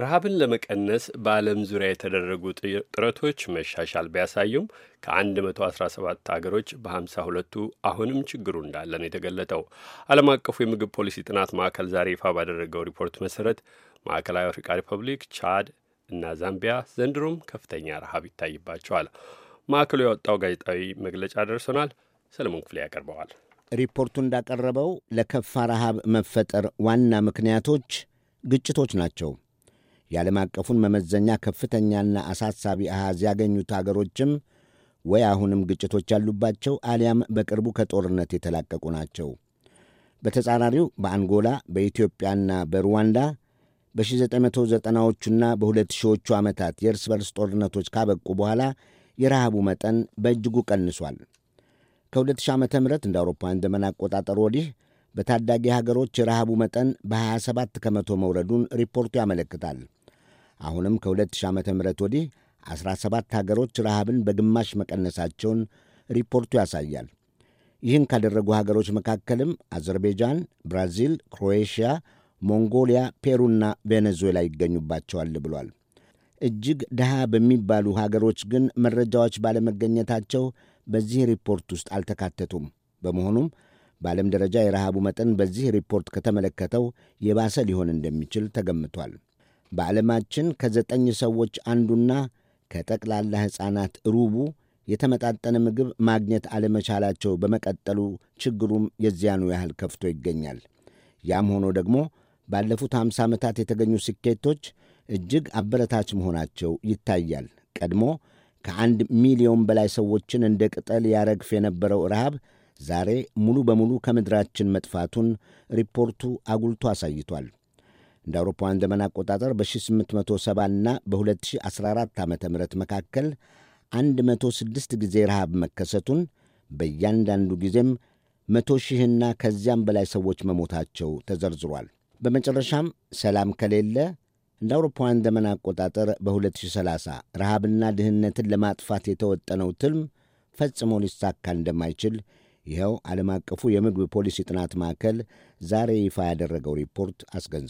ረሃብን ለመቀነስ በዓለም ዙሪያ የተደረጉ ጥረቶች መሻሻል ቢያሳዩም ከ117 አገሮች በ52ቱ አሁንም ችግሩ እንዳለ ነው የተገለጠው። ዓለም አቀፉ የምግብ ፖሊሲ ጥናት ማዕከል ዛሬ ይፋ ባደረገው ሪፖርት መሠረት ማዕከላዊ አፍሪካ ሪፐብሊክ፣ ቻድ እና ዛምቢያ ዘንድሮም ከፍተኛ ረሃብ ይታይባቸዋል። ማዕከሉ ያወጣው ጋዜጣዊ መግለጫ ደርሶናል። ሰለሞን ክፍሌ ያቀርበዋል። ሪፖርቱ እንዳቀረበው ለከፋ ረሃብ መፈጠር ዋና ምክንያቶች ግጭቶች ናቸው። የዓለም አቀፉን መመዘኛ ከፍተኛና አሳሳቢ አሃዝ ያገኙት አገሮችም ወይ አሁንም ግጭቶች ያሉባቸው አሊያም በቅርቡ ከጦርነት የተላቀቁ ናቸው። በተጻራሪው በአንጎላ በኢትዮጵያና በሩዋንዳ በ1990ዎቹና በ2000ዎቹ ዓመታት የእርስ በርስ ጦርነቶች ካበቁ በኋላ የረሃቡ መጠን በእጅጉ ቀንሷል። ከ2000 ዓ ም እንደ አውሮፓውያን ዘመን አቆጣጠር ወዲህ በታዳጊ ሀገሮች የረሃቡ መጠን በ27 ከመቶ መውረዱን ሪፖርቱ ያመለክታል። አሁንም ከ2000 ዓ ም ወዲህ 17 ሀገሮች ረሃብን በግማሽ መቀነሳቸውን ሪፖርቱ ያሳያል። ይህን ካደረጉ ሀገሮች መካከልም አዘርቤጃን፣ ብራዚል፣ ክሮኤሽያ፣ ሞንጎሊያ፣ ፔሩና ቬኔዙዌላ ይገኙባቸዋል ብሏል። እጅግ ድሃ በሚባሉ ሀገሮች ግን መረጃዎች ባለመገኘታቸው በዚህ ሪፖርት ውስጥ አልተካተቱም። በመሆኑም በዓለም ደረጃ የረሃቡ መጠን በዚህ ሪፖርት ከተመለከተው የባሰ ሊሆን እንደሚችል ተገምቷል። በዓለማችን ከዘጠኝ ሰዎች አንዱና ከጠቅላላ ሕፃናት ሩቡ የተመጣጠነ ምግብ ማግኘት አለመቻላቸው በመቀጠሉ ችግሩም የዚያኑ ያህል ከፍቶ ይገኛል። ያም ሆኖ ደግሞ ባለፉት ሃምሳ ዓመታት የተገኙ ስኬቶች እጅግ አበረታች መሆናቸው ይታያል። ቀድሞ ከአንድ ሚሊዮን በላይ ሰዎችን እንደ ቅጠል ያረግፍ የነበረው ረሃብ ዛሬ ሙሉ በሙሉ ከምድራችን መጥፋቱን ሪፖርቱ አጉልቶ አሳይቷል። እንደ አውሮፓውያን ዘመን አቆጣጠር በ1870 ና በ2014 ዓ ም መካከል 106 ጊዜ ረሃብ መከሰቱን በእያንዳንዱ ጊዜም መቶ ሺህና ከዚያም በላይ ሰዎች መሞታቸው ተዘርዝሯል። በመጨረሻም ሰላም ከሌለ እንደ አውሮፓውያን ዘመን አቆጣጠር በ2030 ረሃብና ድህነትን ለማጥፋት የተወጠነው ትልም ፈጽሞ ሊሳካ እንደማይችል ይኸው ዓለም አቀፉ የምግብ ፖሊሲ ጥናት ማዕከል ዛሬ ይፋ ያደረገው ሪፖርት አስገንዝቧል።